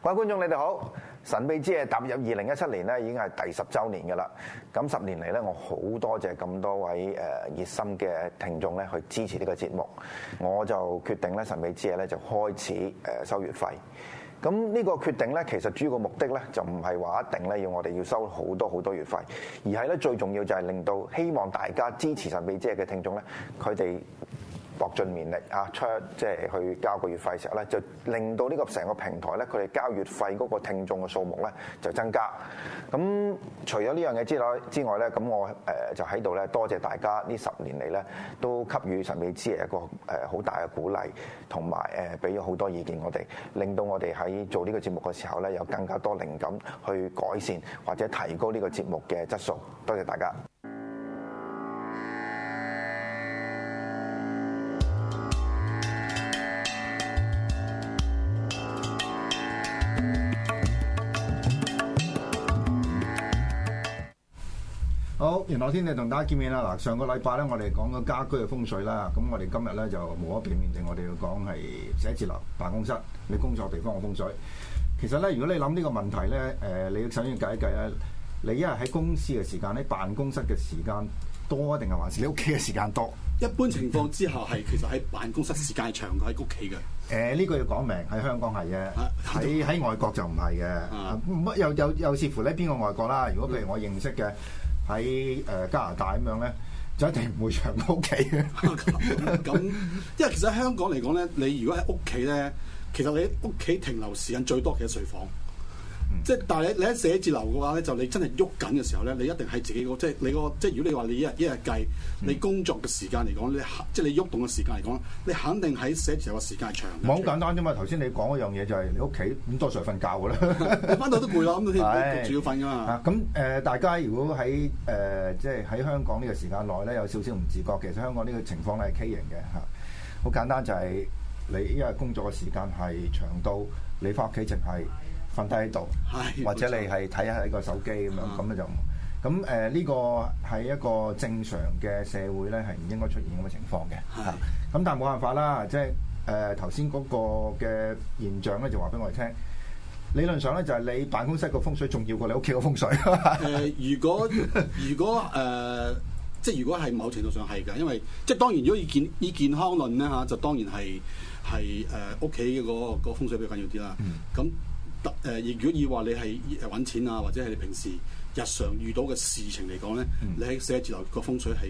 各位觀眾，你哋好！神秘之夜踏入二零一七年咧，已經係第十週年㗎喇。咁十年嚟咧，我好多謝咁多位誒熱心嘅聽眾咧，去支持呢個節目。我就決定咧，神秘之夜咧就開始誒收月費。咁、這、呢個決定咧，其實主要嘅目的咧，就唔係話一定咧要我哋要收好多好多月費，而係咧最重要就係令到希望大家支持神秘之夜嘅聽眾咧，佢哋。搏盡綿力啊，出即係去交個月費時候咧，就令到呢個成個平台咧，佢哋交月費嗰個聽眾嘅數目咧就增加。咁除咗呢樣嘢之外，之外咧，咁我誒、呃、就喺度咧，多謝大家呢十年嚟咧都給予神秘之夜一個誒好大嘅鼓勵，同埋誒俾咗好多意見我哋，令到我哋喺做呢個節目嘅時候咧，有更加多靈感去改善或者提高呢個節目嘅質素。多謝大家。玄學天地同大家見面啦！嗱，上個禮拜咧，我哋講咗家居嘅風水啦，咁我哋今日咧就無可避免地，我哋要講係寫字樓、辦公室你工作地方嘅風水。其實咧，如果你諗呢個問題咧，誒、呃，你首先要計一計咧，你一日喺公司嘅時間咧，辦公室嘅時間多定係還是你屋企嘅時間多？間多，一般情況之下係，其實喺辦公室時間係長過喺屋企嘅。誒，呢個要講明喺香港係嘅，你喺外國就唔係嘅。嗯、啊，乜又又又視乎咧邊個外國啦？如果譬如我認識嘅。喺誒加拿大咁樣咧，就一定唔會長喺屋企嘅。咁，因為其實香港嚟講咧，你如果喺屋企咧，其實你喺屋企停留時間最多嘅係睡房。即係，嗯、但係你喺寫字樓嘅話咧，就你真係喐緊嘅時候咧，你一定係自己個即係你個即係如果你話你一日一日計，你工作嘅時間嚟講，嗯、你即係你喐動嘅時間嚟講，你肯定喺寫字樓嘅時間係長。唔好簡單啫嘛！頭先你講一樣嘢就係你屋企咁多時瞓覺㗎啦， 你翻到都攰啦，咁你主要瞓㗎嘛。啊，咁誒大家如果喺誒即係喺香港呢個時間內咧，有少少唔自覺，其實香港呢個情況咧係畸形嘅嚇。好簡單就係你因為工作嘅時間係長到你翻屋企淨係，瞓低喺度，唉或者你係睇下喺個手機咁唉樣，咁咧就咁誒呢個係一個正常嘅社會咧，係唔應該出現咁嘅情況嘅。係咁是、嗯，但係冇辦法啦，即係誒頭先嗰個嘅現象咧，就話俾我哋聽。理論上咧，就係你辦公室個風水，風水重要過你屋企個風水。誒，如果如果誒、呃，即係如果係某程度上係嘅，因為即係當然，如果以健以健康論咧嚇，就當然係係誒屋企嘅個個風水比較緊要啲啦。咁。呃特誒，如果以話你係揾錢啊，或者係你平時日常遇到嘅事情嚟講咧，你喺寫字樓個風水係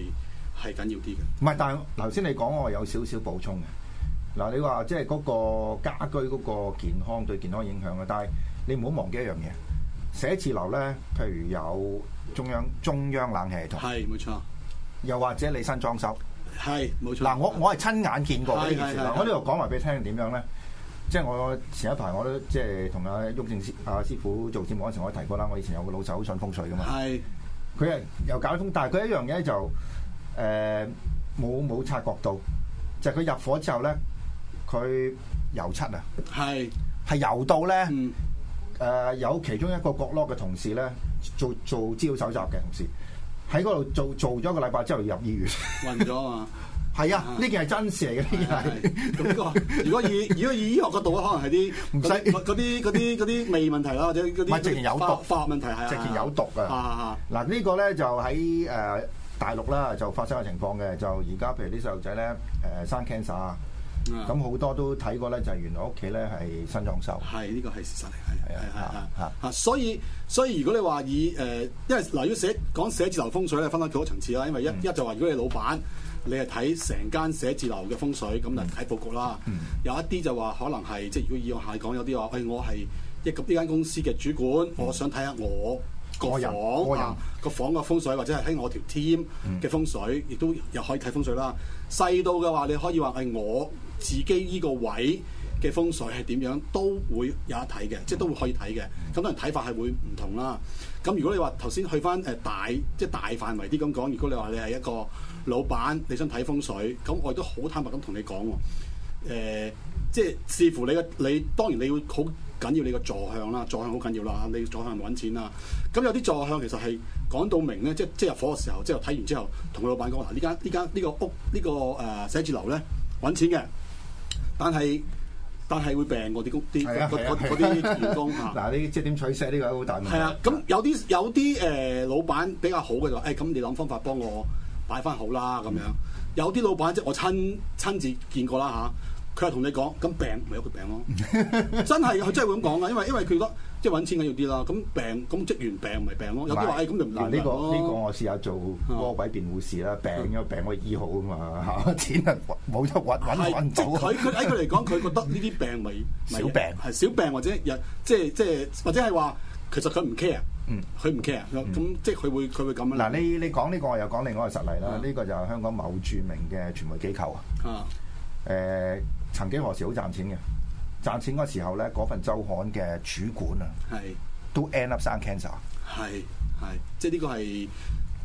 係緊要啲嘅。唔係，但係頭先你講我有少少補充嘅。嗱，你話即係嗰個家居嗰個健康對健康影響嘅，但係你唔好忘記一樣嘢，寫字樓咧，譬如有中央中央冷氣系統，係冇錯。又或者你新裝修，係冇錯。嗱，我我係親眼見過呢件事。嗱，我呢度講埋俾你聽點樣咧？即係我前一排我都即係同阿毓証師阿、啊、師傅做節目嗰陣，我提過啦。我以前有個老細好信風水噶嘛，係佢係又搞風，但係佢一樣嘢就誒冇冇察覺到，就係、是、佢入伙之後咧，佢油漆啊，係係油到咧誒、嗯呃、有其中一個角落嘅同事咧，做做資料蒐集嘅同事喺嗰度做做咗個禮拜之後入醫院暈咗啊！ 係啊，呢件係真事嚟嘅。呢個如果以如果以醫學角度，可能係啲唔使嗰啲嗰啲啲味問題啦，或者嗰啲直接有毒化學問題係啊，直接有毒嘅。嗱呢個咧就喺誒大陸啦，就發生嘅情況嘅。就而家譬如啲細路仔咧誒生 cancer 啊，咁好多都睇過咧，就係原來屋企咧係新裝修係呢個係事實嚟，係係係係啊，所以所以如果你話以誒，因為嗱要寫講寫字樓風水咧，分咗幾多層次啦，因為一一就話如果你老闆。你係睇成間寫字樓嘅風水咁就睇佈局啦。嗯、有一啲就話可能係即係，如果以往下講有啲話，誒、哎，我係一個呢間公司嘅主管，嗯、我想睇下我個人個人、啊、房嘅風水，或者係喺我條 team 嘅風水，亦都又可以睇風水啦。細到嘅話，你可以話係、哎、我自己呢個位嘅風水係點樣，都會有一睇嘅，即係都會可以睇嘅。咁可能睇法係會唔同啦。咁如果你話頭先去翻誒大即係、就是、大範圍啲咁講，如果你話你係一個。老闆你想睇風水，咁我亦都好坦白咁同你講喎、呃，即係視乎你嘅你當然你要好緊要你嘅坐向啦，坐向好緊要啦，你坐向揾錢啊。咁有啲坐向其實係講到明咧，即係即係入伙嘅時候，即係睇完之後，同個老闆講嗱，呢間呢間呢個屋、這個呃、寫呢個誒寫字樓咧揾錢嘅，但係但係會病個啲啲嗰啲員工嗱，你即係點取捨呢個好大問題？係啊，咁有啲、啊、有啲誒、呃、老闆比較好嘅就話誒，咁、哎、你諗方法幫我。擺翻好啦，咁樣，有啲老闆即係我親親自見過啦吓，佢係同你講：咁病咪有個病咯， 真係佢真係會咁講噶，因為因為佢覺得即係揾錢緊要啲啦。咁病咁職員病咪、就是、病咯。有啲話：誒、哎、咁就唔得，呢個呢、呢個我試下做魔鬼辯護士啦，嗯、病咗病可以醫好啊嘛嚇，錢係揾冇得揾揾係即佢佢喺佢嚟講，佢覺得呢啲病咪、就是、 小病，係小病或者又即係即係或者係話其實佢唔 care。嗯，佢唔 care，咁即係佢會佢會咁樣。嗱、啊，你你講呢、呢個我又講另外一個實例啦，呢、啊、個就係香港某著名嘅傳媒機構啊。啊，誒，曾幾何時好賺錢嘅，賺錢嗰時候咧，嗰份周刊嘅主管啊，係是都 end up 生 cancer，係係，即係呢個係。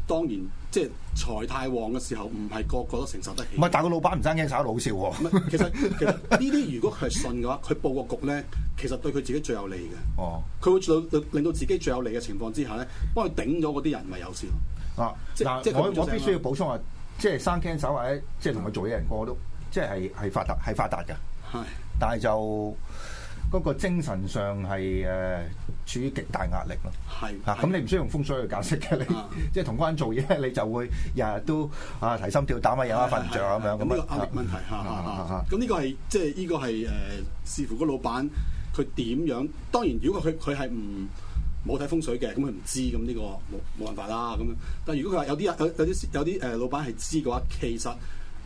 當然，即財太旺嘅時候，唔係個,個個都承受得起。唔係，但個老闆唔生 can 手都好笑喎。唔係，其實其實呢啲如果係信嘅話，佢佈個局咧，其實對佢自己最有利嘅。哦，佢會令到自己最有利嘅情況之下咧，幫佢頂咗嗰啲人，咪有事咯。啊，即啊即,、啊、即我我必須要補充話、啊，即、就是、生 can 手或者即同佢做嘢人，個個都即係係發達係發達嘅。係唉，但係就。嗰個精神上係誒、呃、處於極大壓力咯，係嚇咁，你唔需要用風水去解釋嘅，你、啊、即係同嗰個人做嘢你就會日日都啊提心吊膽啊，又啊瞓著咁樣，咁啊壓力問題嚇咁，呢個係即係呢個係誒視乎個老闆佢點樣。當然如果佢佢係唔冇睇風水嘅，咁佢唔知，咁呢個冇冇辦法啦咁樣，但係如果佢話有啲有有啲有啲誒老闆係知嘅話，其實。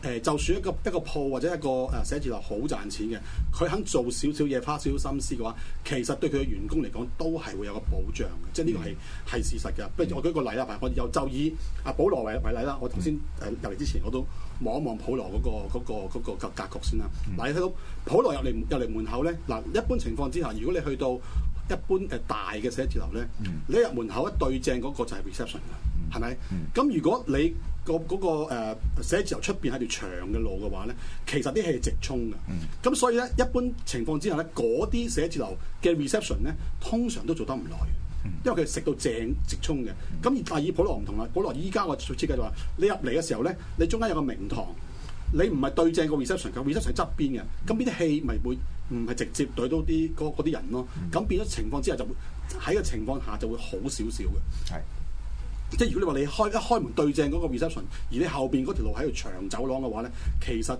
誒、呃、就算一個一個鋪或者一個誒寫字樓好賺錢嘅，佢肯做少少嘢，花少少心思嘅話，其實對佢嘅員工嚟講都係會有個保障嘅，即係呢個係係事實嘅。嗯、不如我舉個例啦，我又就以阿保羅為為例啦。我頭先誒入嚟之前我都望一望普羅嗰、那個嗰、那個那個格格局先啦。嗱、嗯，你睇到普羅入嚟入嚟門口咧，嗱一般情況之下，如果你去到一般誒大嘅寫字樓咧，嗯、你一入門口一對正嗰個就係 reception 啦，係咪？咁如果你個嗰個誒寫字樓出邊係條長嘅路嘅話咧，其實啲氣係直衝嘅。咁、嗯、所以咧，一般情況之下咧，嗰啲寫字樓嘅 reception 咧，通常都做得唔耐，嗯、因為佢食到正直衝嘅。咁而亞爾普羅唔同啦，普羅依家個設計就話：你入嚟嘅時候咧，你中間有個明堂，你唔係對正個 reception 嘅，reception 喺側邊嘅。咁呢啲氣咪會唔係直接對到啲嗰啲人咯？咁、嗯、變咗情況之下就會喺個情況下就會好少少嘅。係。即係如果你話你開一開門對正嗰個 reception，而你後邊嗰條路喺度長走廊嘅話咧，其實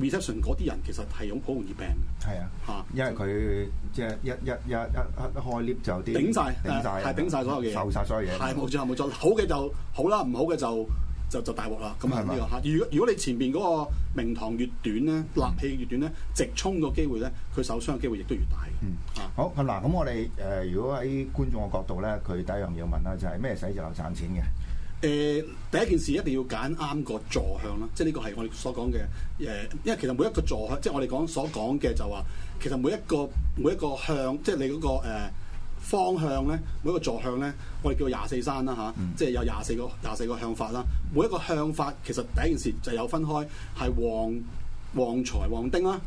reception 嗰啲人其實係好容易病嘅。係啊、嚇、啊！因為佢即係一一一一一,一開 lift 就啲頂晒了，係頂晒了、啊、所有嘢，受晒所有嘢，係冇、啊、錯冇錯。好嘅就好啦，唔好嘅就。就就大鑊啦！咁啊呢個嚇，如果、嗯、如果你前邊嗰個明堂越短咧，立氣越短咧，直衝個機會咧，佢受傷嘅機會亦都越大嘅。嗯，好嗱，咁、啊、我哋誒、呃，如果喺觀眾嘅角度咧，佢第一樣要問啦，就係咩使石油賺錢嘅？誒、呃，第一件事一定要揀啱個坐向啦，即係呢個係我哋所講嘅誒，因為其實每一個坐向，即係我哋講所講嘅就話，其實每一個每一個向，即係你嗰、那個、呃方向咧，每一個坐向咧，我哋叫廿四山啦嚇，啊嗯、即係有廿四個廿四個向法啦。每一個向法其實第一件事就有分開，係旺旺財旺丁啦，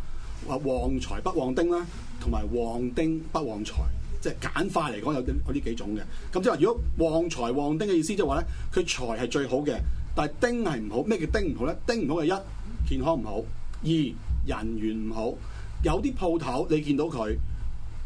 或旺財不旺丁啦，同埋旺丁不旺財。即係簡化嚟講，有有呢幾種嘅。咁即係話，如果旺財旺丁嘅意思，即係話咧，佢財係最好嘅，但係丁係唔好。咩叫丁唔好咧？丁唔好係一健康唔好，二人緣唔好。有啲鋪頭你見到佢，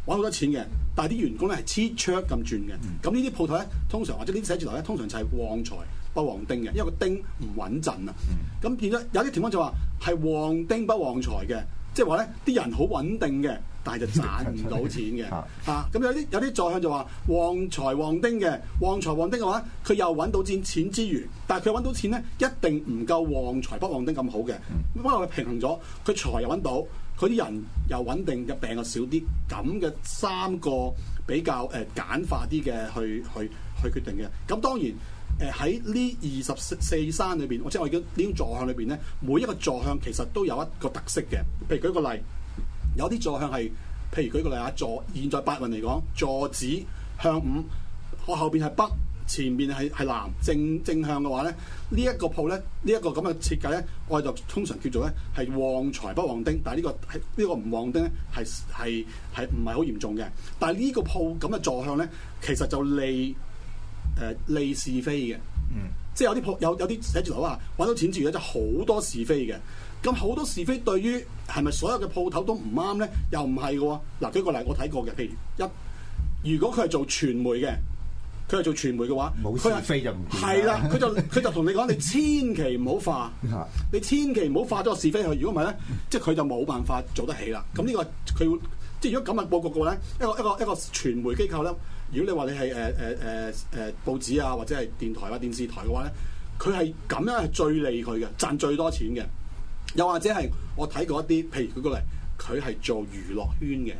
搵好多錢嘅，但係啲員工咧係黐雀咁轉嘅。咁、嗯、呢啲鋪頭咧，通常或者呢啲寫字樓咧，通常就係旺財不旺丁嘅，因為個丁唔穩陣啊。咁、嗯、變咗有啲條方就話係旺丁不旺財嘅，即係話咧啲人好穩定嘅，但係就賺唔到錢嘅。嚇、 啊！咁有啲有啲坐向就話旺財旺丁嘅，旺財旺丁嘅話，佢又揾到錢，錢之餘，但係佢揾到錢咧一定唔夠旺財不旺丁咁好嘅。可能佢平衡咗，佢財又揾到。佢啲人又穩定，嘅病又少啲，咁嘅三個比較誒簡化啲嘅去去去決定嘅。咁當然誒喺呢二十四山裏邊，即係我已經呢種座向裏邊咧，每一個座向其實都有一個特色嘅。譬如舉個例，有啲座向係，譬如舉個例啊，座現在白雲嚟講，坐子向午，我後邊係北。前面係係南正正向嘅話咧，這個、呢一、這個鋪咧，呢一個咁嘅設計咧，我哋就通常叫做咧係旺財不旺丁，但係、這個這個、呢個係呢個唔旺丁咧，係係係唔係好嚴重嘅。但係呢個鋪咁嘅坐向咧，其實就利誒、呃、利是非嘅，嗯，即係有啲鋪有有啲寫字樓啊，揾到錢之餘就好、是、多是非嘅。咁好多是非對於係咪所有嘅鋪頭都唔啱咧？又唔係嘅喎。嗱舉個例，我睇過嘅，譬如一，如果佢係做傳媒嘅。佢係做傳媒嘅話，冇是非就唔係啦，佢就佢就同你講，你千祈唔好化， 你千祈唔好化咗個是非去。如果唔係咧，即係佢就冇辦法做得起啦。咁呢個佢會即係如果咁嘅報告嘅話咧，一個一個一個傳媒機構咧，如果你話你係誒誒誒誒報紙啊，或者係電台或者電視台嘅話咧，佢係咁樣係最利佢嘅，賺最多錢嘅。又或者係我睇過一啲，譬如佢過嚟，佢係做娛樂圈嘅，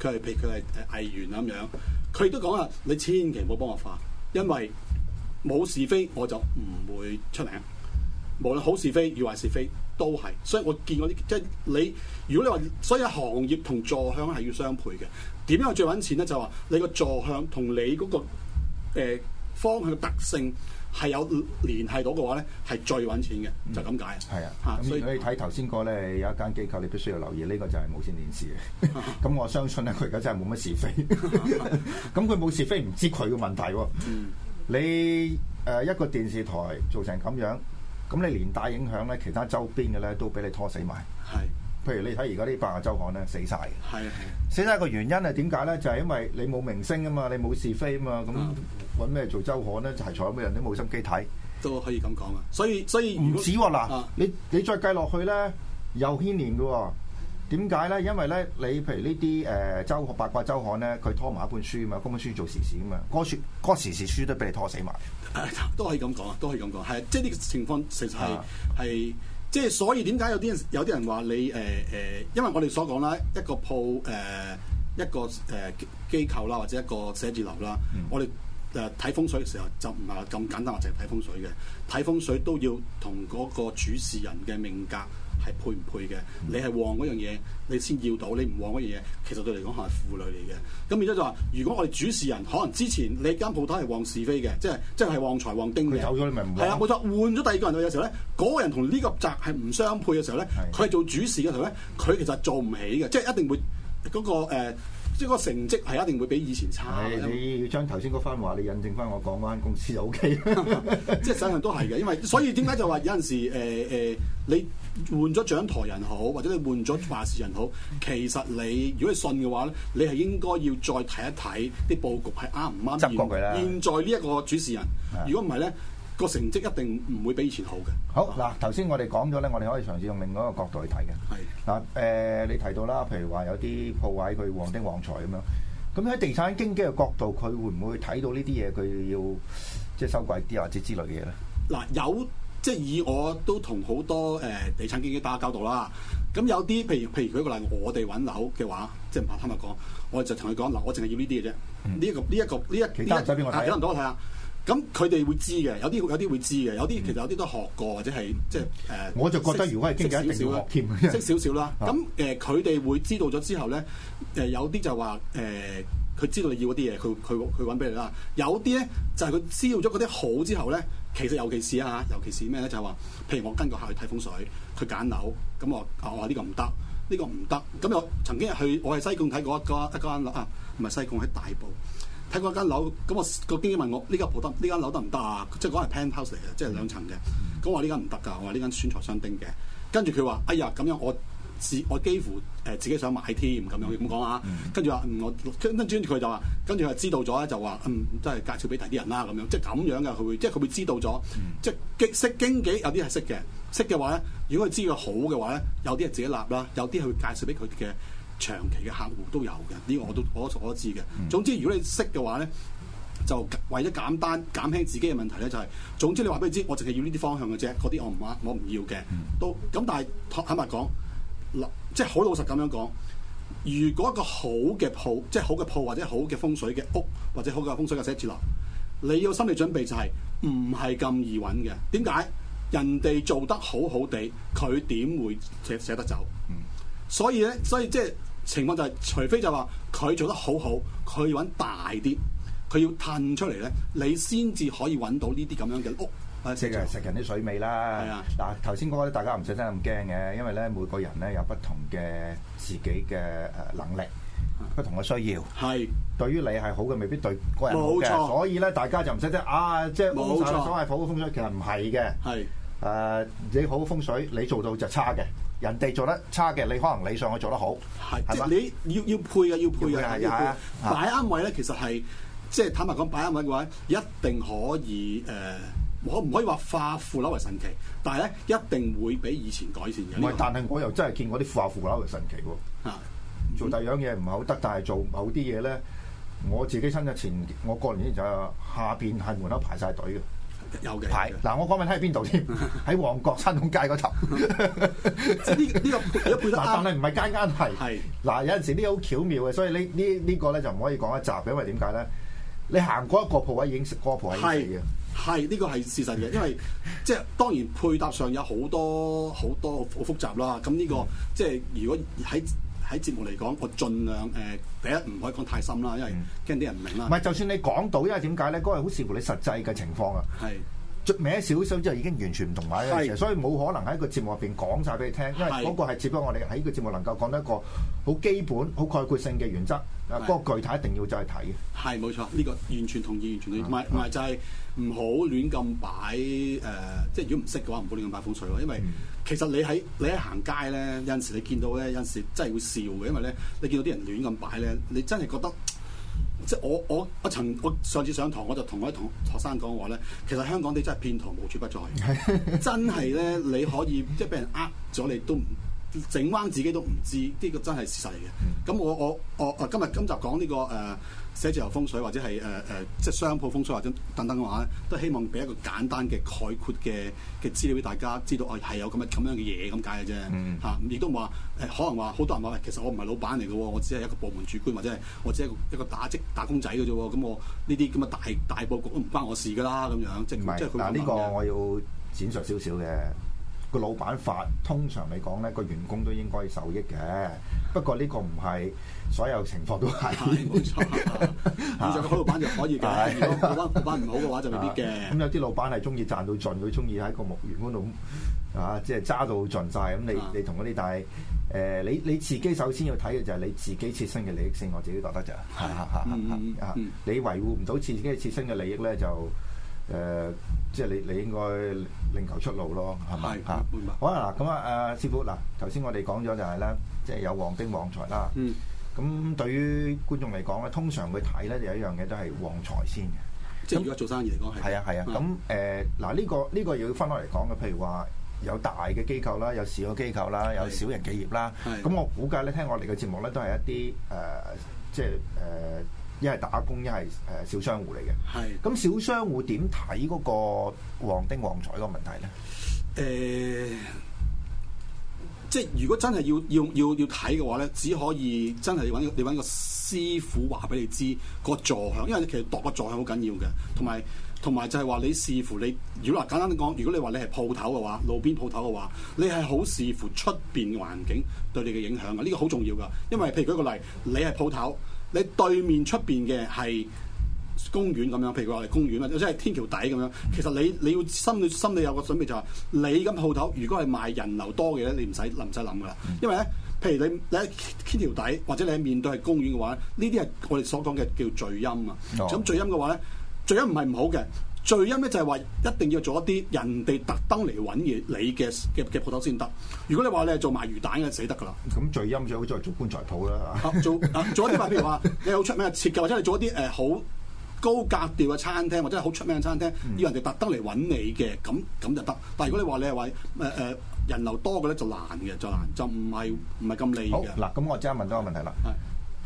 佢係、嗯、譬如佢係藝員咁樣。佢亦都講啦，你千祈唔好幫我化，因為冇是非我就唔會出名。無論好是非與壞是非都係，所以我見過啲即係你，如果你話，所有行業同坐向係要相配嘅。點樣去最揾錢咧？就係話你個坐向同你嗰個誒方向嘅特性。係有聯繫到嘅話咧，係最搵錢嘅，就咁、是、解、嗯、啊！係啊、嗯，咁所以你睇頭先個咧有一間機構，你必須要留意，呢、這個就係無線電視嘅。咁 我相信咧，佢而家真係冇乜是非。咁佢冇是非，唔知佢嘅問題喎、哦。嗯、你誒、呃、一個電視台做成咁樣，咁你連帶影響咧，其他周邊嘅咧都俾你拖死埋。係是，譬如你睇而家呢八啊週刊咧，死晒。嘅。係啊係啊，死晒個原因係點解咧？就係、是、因為你冇明星啊嘛，你冇是非啊嘛，咁。揾咩做周刊咧？就係坐喺咩人都冇心機睇都可以咁講啊。所以所以唔止喎、啊、嗱、啊，你你再計落去咧又牽連㗎、啊。點解咧？因為咧，你譬如呢啲周週八卦周刊咧，佢拖埋一本書啊嘛，嗰本書做時事啊嘛，嗰書歌時事書都俾你拖死埋。都可以咁講啊，都可以咁講。係即係呢個情況，其實係係即係所以點解有啲人有啲人話你誒誒、呃呃，因為我哋所講啦、呃，一個鋪誒一個誒機構啦，或者一個寫字樓啦，嗯、我哋。誒睇、呃、風水嘅時候就唔係話咁簡單，我淨係睇風水嘅。睇風水都要同嗰個主事人嘅命格係配唔配嘅。嗯、你係旺嗰樣嘢，你先要到；你唔旺嗰樣嘢，其實對你嚟講係負累嚟嘅。咁變咗就話，如果我哋主事人可能之前你間鋪頭係旺是非嘅，即係即係係旺財旺丁嘅。佢走咗，你咪唔旺。係啊，冇錯。換咗第二個人，有時候咧，嗰、那個人同呢個宅係唔相配嘅時候咧，佢係的做主事嘅時候咧，佢其實做唔起嘅，即係一定會嗰、那個、呃呃即係個成績係一定會比以前差。哎、因為 你要將頭先嗰番話，你引證翻我講嗰間公司就 OK。 即係實行都係嘅，因為所以點解就話有陣時誒誒、呃呃，你換咗掌台人好，或者你換咗話事人好，其實你如果係信嘅話咧，你係應該要再睇一睇啲佈局係啱唔啱。執佢啦。現在呢一個主持人，如果唔係咧。個成績一定唔會比以前好嘅。好嗱，頭先我哋講咗咧，我哋可以嘗試用另外一個角度去睇嘅。係嗱，誒，你提到啦，譬如話有啲鋪位，佢旺丁旺財咁樣。咁喺地產經紀嘅角度，佢會唔會睇到呢啲嘢？佢要即係收貴啲啊，或者之類嘅嘢咧？嗱，有即係以我都同好多誒地產經紀打交道啦。咁有啲譬如譬如舉個例，我哋揾樓嘅話，即係唔怕坦白講，我就同佢講嗱，我淨係要呢啲嘅啫。呢一個呢一個呢一幾多？俾我睇下。咁佢哋會知嘅，有啲有啲會知嘅，有啲其實有啲都學過或者係、嗯、即係誒，呃、我就覺得如果係識少少啦，學識少少啦。咁誒，佢哋會知道咗之後咧，誒、呃、有啲就話誒，佢、呃、知道你要嗰啲嘢，佢佢佢揾俾你啦。有啲咧就係、是、佢知道咗嗰啲好之後咧，其實尤其是啊，尤其是咩咧就係、是、話，譬如我跟個客去睇風水，佢揀樓，咁我我話呢個唔得，呢、呢個唔得，咁我曾經去我喺西貢睇過一間、那個那個那個、一間樓啊，唔係西貢喺大埔。睇過一間樓，咁我、我個經紀問我呢間鋪得呢間樓得唔得啊？即係講係 penthouse 嚟嘅，嗯、即係兩層嘅。咁我話呢間唔得㗎，我話呢間酸菜相丁嘅。跟住佢話：哎呀，咁樣我自我，我幾乎誒、呃、自己想買添咁樣。唔好講啊！跟住話，我跟跟住佢就話，跟住佢知道咗咧，就話嗯，都係介紹俾第啲人啦咁樣。即係咁樣嘅，佢會即係佢會知道咗。嗯、即係經識經紀有啲係識嘅，識嘅話咧，如果佢知道好嘅話咧，有啲係自己立啦，有啲係會介紹俾佢嘅。長期嘅客戶都有嘅，呢個我都我都知嘅。總之，如果你識嘅話咧，就為咗簡單減輕自己嘅問題咧，就係，總之你話俾你知，我淨係要呢啲方向嘅啫，嗰啲我唔話，我唔要嘅。嗯、都咁，但係坦白講，即係好老實咁樣講，如果一個好嘅鋪，即係好嘅鋪或者好嘅風水嘅屋或者好嘅風水嘅寫字樓，你要心理準備就係唔係咁易搵嘅？點解人哋做得好好地，佢點會捨捨得走？嗯、所以咧，所以即係。情況就係、是，除非就話佢做得好好，佢揾大啲，佢要褪出嚟咧，你先至可以揾到呢啲咁樣嘅屋。呃、即係食人啲水味啦。嗱是、啊，頭先嗰個大家唔使真係咁驚嘅，因為咧每個人咧有不同嘅自己嘅誒能力，不同嘅需要。係是 對於你係好嘅，未必對個人好嘅。沒錯 所以咧，大家就唔使真啊，即係冇沒錯所謂好嘅風水，其實唔係嘅。係誒是、呃，你好風水，你做到就差嘅。人哋做得差嘅，你可能你上去做得好，係是吧，即你要要配嘅，要配嘅係要配。要配啊、擺啱位咧，其實係、啊、即係坦白講，擺啱位嘅話，一定可以誒、呃，我唔可以話化腐朽為神奇，但係咧一定會比以前改善嘅。唔係，但係我又真係見過啲化腐朽為神奇喎。啊，嗯、做第二樣嘢唔係好得，但係做某啲嘢咧，我自己親日前我過年就下邊係門口排晒隊嘅。有嘅牌嗱，我講問睇喺邊度添，喺 旺角山東街嗰頭。 呢呢個係配得喏，但係唔係間間係。係嗱的，有陣時呢啲好巧妙嘅，所以呢呢呢個咧就唔可以講一集，因為點解咧？你行過一個鋪位已經食過一個鋪位嘅。係呢個係的事實嘅，嗯、因為即係當然配搭上有好多好多好複雜啦。咁呢、呢個即係如果喺喺節目嚟講，我盡量誒、呃、第一唔可以講太深啦，因為驚啲人唔明啦。唔係、嗯，就算你講到，因為點解咧？嗰、那個好視乎你實際嘅情況啊。係、嗯，出歪少少之後已經完全唔同埋嘅嘢，所以冇可能喺個節目入邊講晒俾你聽，因為嗰個係只不過我哋喺呢個節目能夠講得一個好基本、好概括性嘅原則。嗱，不過具體一定要再睇嘅。係冇錯，呢個完全同意，完全同意。唔係唔係，就係唔好亂咁擺誒，即係如果唔識嘅話，唔好亂咁擺風水咯。因為其實你喺你喺行街咧，有陣時你見到咧，有陣時真係會笑嘅。因為咧，你見到啲人亂咁擺咧，你真係覺得即係我我我曾我上次上堂我就同我啲同學生講話咧，其實香港地真係騙徒無處不在， 真係咧，你可以 即係畀人呃咗你都。唔。整彎自己都唔知，呢、這個真係事實嚟嘅。咁我我我啊今日今集講呢、這個誒、呃、寫字樓風水或者係誒誒即係商鋪風水或者等等嘅話，都希望俾一個簡單嘅概括嘅嘅資料俾大家知道，哦、哎、係有咁嘅咁樣嘅嘢咁解嘅啫。嚇、嗯，亦、啊、都話誒，可能話好多人話，其實我唔係老闆嚟嘅，我只係一個部門主管或者係我只係一個打職打，打工仔嘅啫。咁、啊嗯、我呢啲咁嘅大大佈局都唔關我事㗎啦。咁樣，樣是即係唔係？嗱，呢個我要展述少少嘅。個老闆發，通常嚟講咧個員工都應該受益嘅。不過呢個唔係所有情況都係，冇、哎、錯。啊、 以上個老闆就可以嘅，啊、老闆唔 好嘅話就未必嘅。咁、啊、有啲老闆係中意賺到盡，佢中意喺個木園嗰度嚇，即係揸到好盡曬。咁你、啊、你同嗰啲，但係誒你你自己首先要睇嘅就係你自己切身嘅利益性，我自己覺得就係你維護唔到自己嘅切身嘅利益咧就誒。呃即係你，你應該另求出路咯，係咪嚇？好啦，嗱，咁啊，師傅嗱，頭先我哋講咗就係咧，即係有旺丁旺財啦。嗯。咁對於觀眾嚟講咧，通常會睇咧就有一樣嘢都係旺財先嘅。即係如果做生意嚟講係。係啊係啊，咁誒嗱，呢個呢個要分開嚟講嘅，譬如話有大嘅機構啦，有小嘅機構啦，有小型企業啦。咁我估計咧，聽我哋嘅節目咧，都係一啲誒，即係誒。呃呃一係打工，一係誒小商戶嚟嘅。係。咁小商戶點睇嗰個旺丁旺財個問題咧？誒、呃，即係如果真係要要要要睇嘅話咧，只可以真係揾個你揾個師傅話俾你知個坐向，因為其實度個坐向好緊要嘅。同埋同埋就係話你視乎你，如果話簡單啲講，如果你話你係鋪頭嘅話，路邊鋪頭嘅話，你係好視乎出邊環境對你嘅影響嘅。呢、呢個好重要噶，因為譬如舉個例，你係鋪頭。你對面出邊嘅係公園咁樣，譬如話嚟公園或者係天橋底咁樣。其實你你要心裏心裏有個準備，就係，就係你間鋪頭如果係賣人流多嘅咧，你唔使諗唔使諗噶啦。因為咧，譬如你你喺天橋底或者你喺面對係公園嘅話，呢啲係我哋所講嘅叫聚音啊。咁聚、oh. 音嘅話咧，聚音唔係唔好嘅。最陰咧，就係話一定要做一啲人哋特登嚟揾嘢你嘅嘅嘅鋪頭先得。如果你話你係做賣魚蛋嘅，死得噶啦！咁最、嗯、陰最好做土、啊、做棺材鋪啦，做做一啲譬 如話你好出名嘅設計，或者係做一啲誒好高格調嘅餐廳，或者係好出名嘅餐廳，嗯、要人哋特登嚟揾你嘅，咁咁就得。但係如果你話你係話誒誒人流多嘅咧，就難嘅，就難、嗯、就唔係唔係咁利嘅。嗱，咁我即刻問多個問題啦。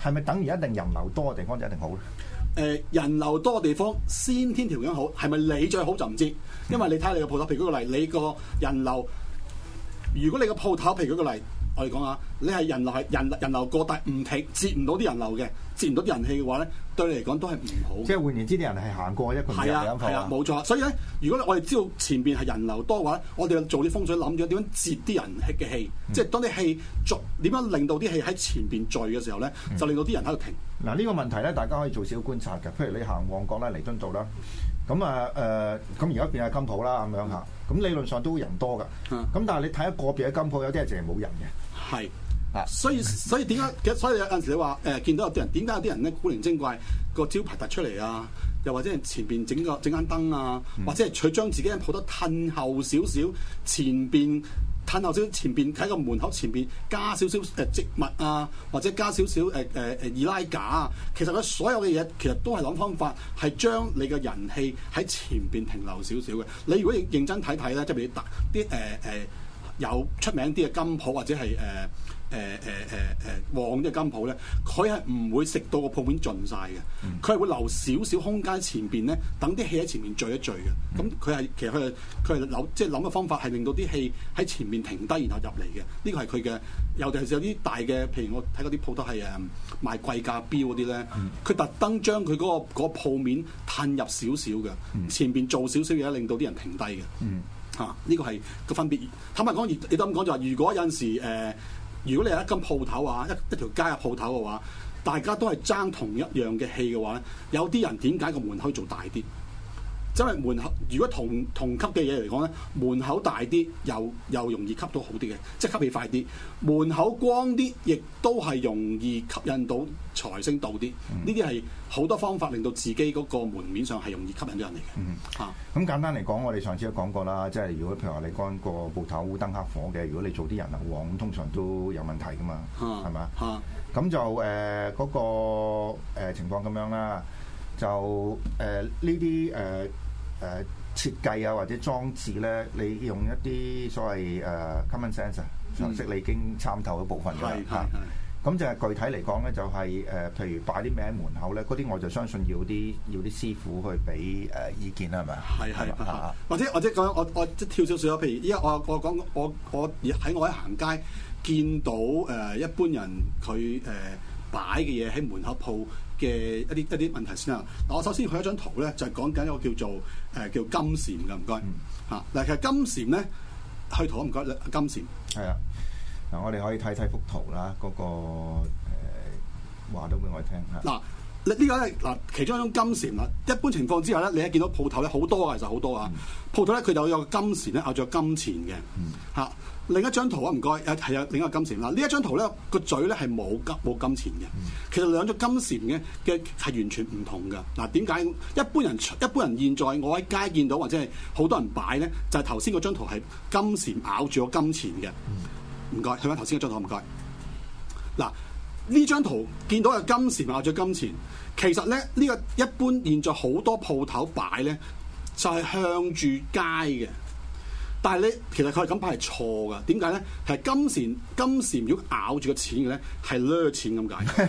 係咪等於一定人流多嘅地方就一定好咧？誒、呃、人流多嘅地方，先天條件好，係咪你最好就唔知，因為你睇下你個鋪頭。譬如舉個例，你個人流，如果你個鋪頭，譬如舉個例，我哋講下，你係人流係人人流過大，唔停，截唔到啲人流嘅，截唔到啲人氣嘅話咧，對你嚟講都係唔好。即係換言之，啲人係行過一個入啊，房。係啊，冇錯。所以咧，如果我哋知道前邊係人流多嘅話，我哋做啲風水諗咗點樣截啲人氣嘅氣。嗯、即係當啲氣聚，點樣令到啲氣喺前邊聚嘅時候咧，就令到啲人喺度停。嗱，呢個問題咧，大家可以做少少觀察嘅。譬如你行旺角咧，彌敦道啦，咁啊誒，咁而家變係金鋪啦咁樣嚇。咁理論上都人多嘅，咁、啊、但係你睇下個別嘅金鋪，有啲係淨係冇人嘅。係是、啊，所以所以點解所以有陣時你話誒，見到有啲人點解有啲人咧古靈精怪，個招牌突出嚟啊？又或者係前邊整個整間燈啊，或者係佢將自己好多褪後少少前邊。褪後少，前邊喺個門口前邊加少少誒植物啊，或者加少少誒誒誒二拉架啊。其實佢所有嘅嘢其實都係諗方法，係將你嘅人氣喺前邊停留少少嘅。你如果認真睇睇咧，即係譬如大啲誒誒有出名啲嘅金鋪或者係誒。呃誒誒誒誒，往一間鋪咧，佢係唔會食到個鋪面盡晒嘅，佢係、嗯、會留少少空間前邊咧，等啲氣喺前面聚一聚嘅。咁佢係其實佢佢係諗即係諗嘅方法係令到啲氣喺前面停低，然後入嚟嘅。呢、這個係佢嘅尤其係有啲大嘅，譬如我睇嗰啲鋪都係誒賣貴價錶嗰啲咧，佢特登將佢嗰、那個鋪、那個、面褪入少少嘅前邊做少少嘢，令到啲人停低嘅嚇。呢個係個分別坦白講，你都咁講就係、是，如果有陣時誒。如果你有一間鋪頭啊，一一條街嘅鋪頭嘅話，大家都係爭同一樣嘅氣嘅話咧，有啲人點解個門口做大啲？真係門口如果同同級嘅嘢嚟講咧，門口大啲又又容易吸到好啲嘅，即係吸氣快啲。門口光啲，亦都係容易吸引到財星到啲。呢啲係好多方法令到自己嗰個門面上係容易吸引到人嚟嘅。嚇、嗯，咁簡單嚟講，我哋上次都講過啦，即係如果譬如話你幹個鋪頭烏燈黑火嘅，如果你做啲人行往、哦，通常都有問題噶嘛，係咪？嚇，咁就誒嗰、呃那個、呃、情況咁樣啦，就誒呢啲誒。呃誒設計啊，或者裝置咧，你用一啲所謂誒、呃、common sense，其實你已經參透一部分嘅。係係。咁就係具體嚟講咧，就係、是、誒，譬、呃、如擺啲咩喺門口咧，嗰啲我就相信要啲要啲師傅去俾誒、呃、意見啦，係咪啊？係係。或者或者講我我即係跳少少，譬如而家我我，我講我我喺我喺行街見到誒、呃、一般人佢誒、呃、擺嘅嘢喺門口鋪。嘅一啲一啲問題先啊！嗱，我首先睇一張圖咧，就係、講緊一個叫做誒、呃、叫金蟬嘅，唔該嚇。嗱、嗯，其實金蟬咧，睇圖唔該，金蟬係啊。嗱，我哋可以睇睇幅圖啦。嗰、那個誒、呃、話到俾我聽嚇。嗱，你呢、這個嗱其中一種金蟬啊。一般情況之下咧，你一見到鋪頭咧好多啊，其實好多啊。嗯、鋪頭咧佢就有個金蟬咧，攞咗金錢嘅嚇。嗯另一張圖啊，唔該，係啊，另一個金蟬啦。呢一張圖咧，個嘴咧係冇金冇金錢嘅。其實兩隻金蟬嘅嘅係完全唔同嘅。嗱，點解一般人一般人現在我喺街見到或者係好多人擺咧，就係頭先嗰張圖係金、金蟬咬住個金錢嘅。唔該，睇翻頭先嗰張圖，唔該。嗱，呢張圖見到係金蟬咬住金錢，其實咧呢、呢個一般現在好多鋪頭擺咧，就係、是、向住街嘅。但係你其實佢係咁排係錯嘅，點解咧？係金蟬金蟬如果咬住個錢嘅咧，係掠錢咁解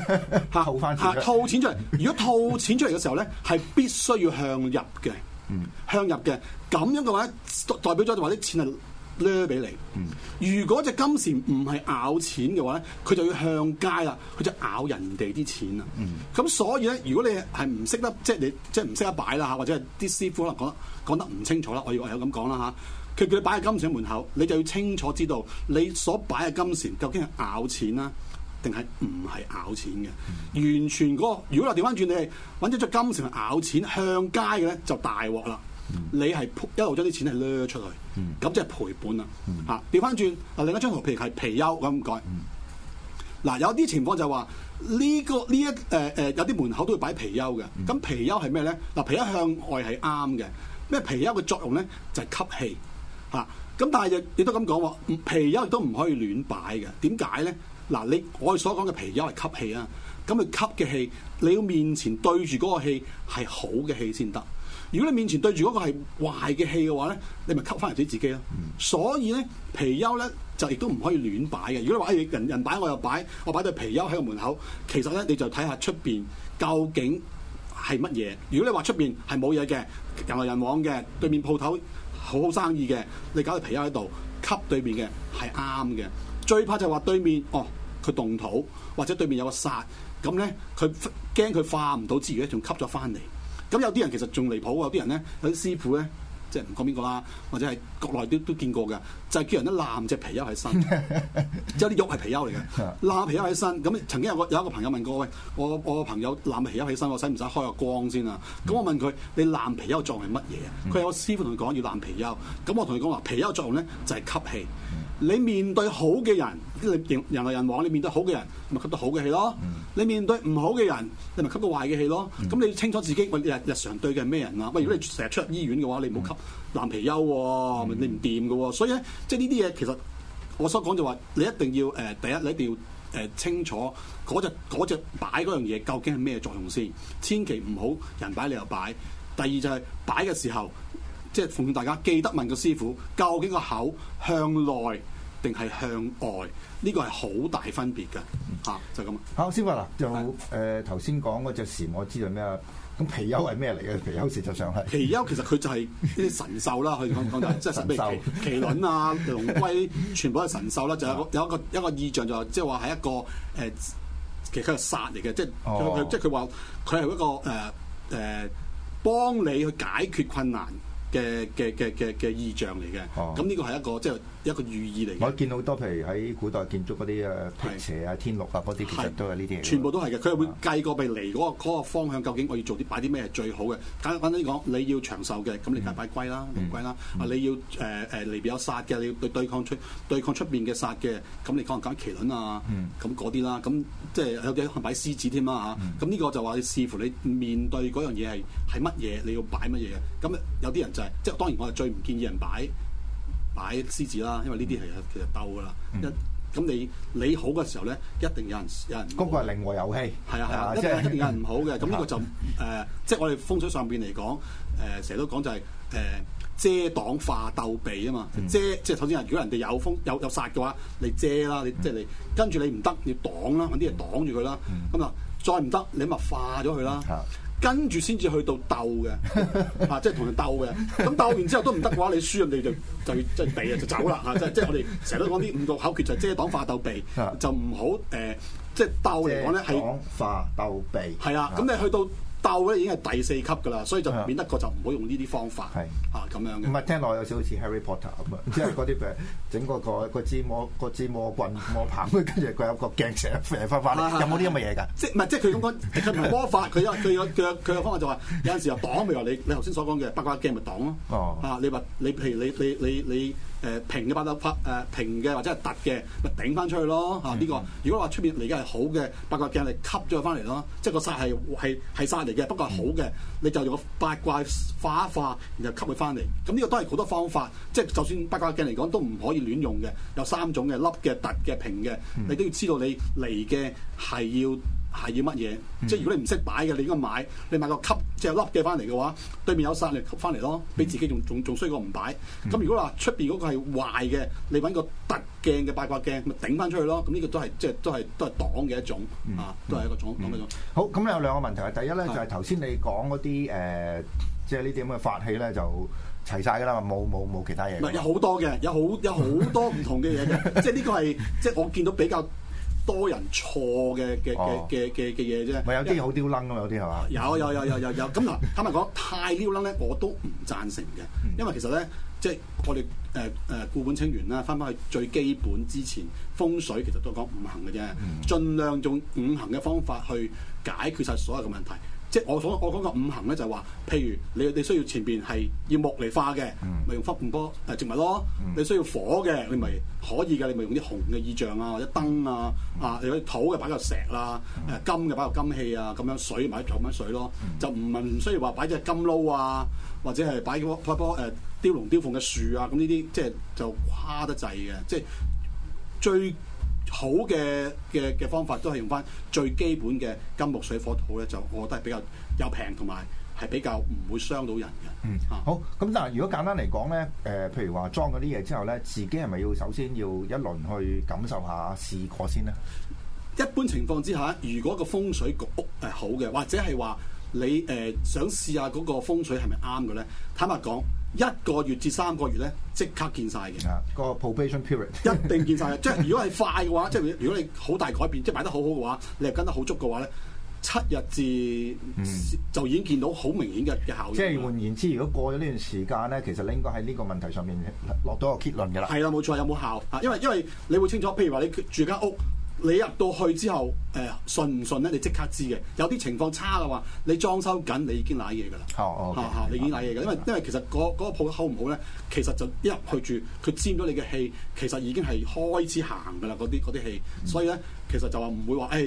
嚇嚇套錢出嚟。 如果套錢出嚟嘅時候咧，係必須要向入嘅，向入嘅咁樣嘅話，代表咗就話啲錢係掠俾你。 如果隻金蟬唔係咬錢嘅話咧，佢就要向街啦，佢就咬人哋啲錢啦。咁 所以咧，如果你係唔識得即係、就是、你即係唔識得擺啦嚇，或者係啲師傅可能講得講得唔清楚啦，我要我有咁講啦嚇。啊佢叫你擺喺金錢門口，你就要清楚知道你所擺嘅金蟾究竟係咬錢啦，定係唔係咬錢嘅？嗯、完全嗰、嗰個，如果話調翻轉，你係揾咗隻金蟾去咬錢向街嘅咧，就大鑊啦。嗯、你係一路將啲錢係擸出去，咁即係賠本啦。嚇、嗯，調翻轉啊，另一張圖，譬如係貔貅咁講。嗱、嗯啊，有啲情況就係話呢個呢一誒誒、呃，有啲門口都要擺貔貅嘅。咁、嗯、貔貅係咩咧？嗱，貔貅向外係啱嘅。咩貔貅嘅作用咧？就係吸氣，吸氣。嗱，咁但係又你都咁講喎，貔貅亦都唔可以亂擺嘅。點解咧？嗱，你我所講嘅貔貅係吸氣啊，咁佢吸嘅氣，你要面前對住嗰個氣係好嘅氣先得。如果你面前對住嗰個係壞嘅氣嘅話咧，你咪吸翻嚟啲自己咯。所以咧，貔貅咧就亦都唔可以亂擺嘅。如果你話人人擺，我又擺，我擺對貔貅喺個門口，其實咧你就睇下出邊究竟係乜嘢。如果你話出邊係冇嘢嘅，人來人往嘅，對面鋪頭，好好生意嘅，你搞到皮喺度吸對面嘅係啱嘅，最怕就係話對面哦佢動土，或者對面有個煞，咁咧佢驚佢化唔到之餘咧，仲吸咗翻嚟。咁有啲人其實仲離譜喎，有啲人咧有啲師傅咧。即係唔講邊個啦，或者係國內都都見過嘅，就係、是、叫人啲攬隻貔貅喺身，之後啲肉係貔貅嚟嘅，攬貔貅喺身。咁曾經有個有個朋友問過，喂，我我朋友攬貔貅起身，我使唔使開個光先啊？咁我問佢，你攬貔貅作用係乜嘢啊？佢係我師傅同佢講要攬貔貅，咁我同佢講話貔貅作用咧就係、是、吸氣。你面對好嘅人，人來人往，你面對好嘅人，咪吸到好嘅氣咯。嗯、你面對唔好嘅人，你咪吸到壞嘅氣咯。咁、嗯、你要清楚自己日日常對嘅係咩人啦、啊。喂、嗯，如果你成日出入醫院嘅話，你唔好吸藍皮鷹、啊，嗯、你唔掂㗎。所以咧，即係呢啲嘢其實我所講就話，你一定要誒、呃、第一，你一定要誒、呃、清楚嗰隻隻擺嗰樣嘢究竟係咩作用先，千祈唔好人擺你又擺。第二就係擺嘅時候。即係奉勸大家記得問個師傅，究竟個口向內定係向外？呢個係好大分別㗎嚇，就咁啊！師傅嗱，就誒頭先講嗰隻蟬，我知道咩啊？咁貔貅係咩嚟嘅？貔貅實際上係貔貅，其實佢就係呢啲神獸啦。可以咁講就即係神獸，麒麟啊、龍龜全部係神獸啦。就有一有一個一個意象就即係話係一個誒，其實佢係殺嚟嘅，即係即係佢話佢係一個誒誒，幫你去解決困難。嘅嘅嘅嘅嘅意象嚟嘅，咁呢個係一個即係。一個寓意嚟嘅。我見到好多譬如喺古代建築嗰啲誒辟邪啊、天祿啊嗰啲，是其實都係呢啲嘅。全部都係嘅，佢係會計過離個咪嚟嗰個方向，究竟我要做啲擺啲咩係最好嘅？簡單啲講，你要長壽嘅，咁你梗係擺龜啦、龍龜啦。啊、嗯，嗯、你要誒誒嚟邊有煞嘅，你要對抗對抗出對抗出面嘅煞嘅，咁你可能揀麒麟啊，咁嗰啲啦。咁即係有啲可能擺獅子添啦嚇。咁呢個就話你視乎你面對嗰樣嘢係係乜嘢，你要擺乜嘢。咁有啲人就係、是、即係當然，我係最唔建議人擺。擺獅子啦，因為呢啲係其實鬥㗎啦，一咁你你好嘅時候呢，一定有人有人。嗰個係零和遊戲。係啊係啊，即係一定有人唔好嘅，咁呢個就誒，即係我哋風水上邊嚟講，誒成日都講就係誒遮擋化鬥避啊嘛，遮即係頭先話，如果人哋有風有有煞嘅話，你遮啦，你即係你跟住你唔得，你擋啦，揾啲嘢擋住佢啦，咁啊再唔得，你咪化咗佢啦。跟住先至去到鬥嘅， 啊，即係同人鬥嘅。咁、嗯、鬥完之後都唔得嘅話，你輸人哋就就即係避啊，就走啦嚇。即係即係我哋成日都講啲五個口訣，就遮擋化鬥避，的就唔好誒，即係鬥嚟講咧係遮擋化鬥避。係啊，咁你去到。鬥咧已經係第四級㗎喇，所以就免得過就唔好用呢啲方法嚇咁樣嘅。唔係聽落有少少似 Harry Potter 咁啊，即係嗰啲整個個個支魔個支魔棍魔棒，跟住佢有個鏡射射翻翻，有冇啲咁嘅嘢㗎？即係唔係即係佢咁講佢唔魔法，佢有佢有佢佢有方法就話有陣時又擋譬如話你你頭先所講嘅八卦鏡咪擋咯。啊，你話你譬如你你你你。誒平嘅八卦，平嘅、呃、或者係凸嘅，咪頂翻出去咯嚇呢、啊呢個。如果話出面嚟嘅係好嘅八卦鏡嚟，你吸咗佢翻嚟咯。即係個煞係係係煞嚟嘅，不過係好嘅，嗯、你就用個八卦化一化，然後吸佢翻嚟。咁呢個都係好多方法。即、就、係、係、就算八卦鏡嚟講，都唔可以亂用嘅。有三種嘅，凹嘅、凸嘅、平嘅，你都要知道你嚟嘅係要。係要乜嘢？即係如果你唔識擺嘅，你應該買。你買個吸，即係粒嘅翻嚟嘅話，對面有沙你吸翻嚟咯，比自己仲仲仲衰過唔擺。咁如果話出邊嗰個係壞嘅，你揾個凸鏡嘅八卦鏡，咪頂翻出去咯。咁呢個都係即係都係都係擋嘅一種、嗯嗯、啊，都係一個擋嘅一種。好，咁你有兩個問題啊。第一咧就係頭先你講嗰啲誒，即係呢啲咁嘅法器咧就齊晒㗎啦，冇冇冇其他嘢。唔係，有好多嘅，有好有好多唔同嘅嘢嘅，即係呢個係即係我見到比較，多人錯嘅嘅嘅嘅嘅嘅嘢啫，咪有啲好丟楞㗎嘛，有啲係嘛？有有有有有有，咁嗱， 坦白講，太丟楞咧，我都唔贊成嘅，嗯、因為其實咧，即、就、係、是、我哋誒誒固本清源啦，翻返去最基本之前，風水其實都講五行嘅啫，嗯、盡量用五行嘅方法去解決晒所有嘅問題。即係我所我講個五行咧，就係話，譬如你你需要前邊係要木嚟化嘅，咪用花盆波誒植物咯。嗯、你需要火嘅，你咪可以嘅，你咪用啲紅嘅意象啊，或者燈啊、嗯、啊，有啲土嘅擺個石啦、啊，誒、嗯、金嘅擺個金器啊，咁樣水咪擺浸緊水咯。嗯、就唔係唔需要話擺隻金撈啊，或者係擺個擺個雕龍雕鳳嘅樹啊，咁呢啲即係就誇得滯嘅，即、就、係、是、最。好嘅嘅嘅方法都係用翻最基本嘅金木水火土咧，就我覺得係比較又平同埋係比較唔會傷到人嘅。嗯，好。咁但係如果簡單嚟講咧，誒、呃，譬如話裝嗰啲嘢之後咧，自己係咪要首先要一輪去感受下試過先咧？一般情況之下，如果個風水局屋係好嘅，或者係話你誒、呃，想試下嗰個風水係咪啱嘅咧？坦白講。一個月至三個月咧，即刻見晒嘅。啊，個 probation period 一定見晒嘅。 即係如果係快嘅話，即係如果你好大改變，即係擺得好好嘅話，你係跟得好足嘅話咧，七日至、嗯、就已經見到好明顯嘅嘅效應。即係換言之，如果過咗呢段時間咧，其實你應該喺呢個問題上面落到個結論㗎啦。係啦，冇錯，有冇效啊？因為因為你會清楚，譬如話你住間屋。你入到去之後，誒、呃、信唔信咧？你即刻知嘅有啲情況差嘅話，你裝修緊，你已經攋嘢噶啦。哦 okay，你已經攋嘢噶，白因為白因為其實嗰、那、嗰個鋪好唔好咧，其實就一入去住，佢的沾咗你嘅氣，其實已經係開始行噶啦。嗰啲啲氣，嗯、所以咧其實就話唔會話誒、哎、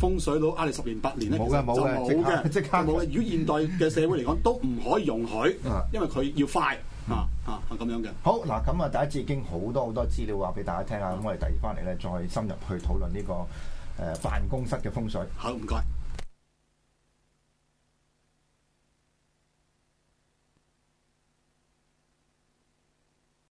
風水佬呃你十年八年咧冇嘅冇嘅即刻冇嘅。如果現代嘅社會嚟講， 都唔可以容許，因為佢要快。啊、mm hmm. 啊，係咁樣嘅。好嗱，咁啊，第一次已經好多好多資料話俾大家聽啊，咁我哋第二翻嚟咧，再深入去討論呢、這個誒、呃、辦公室嘅風水。好，唔該。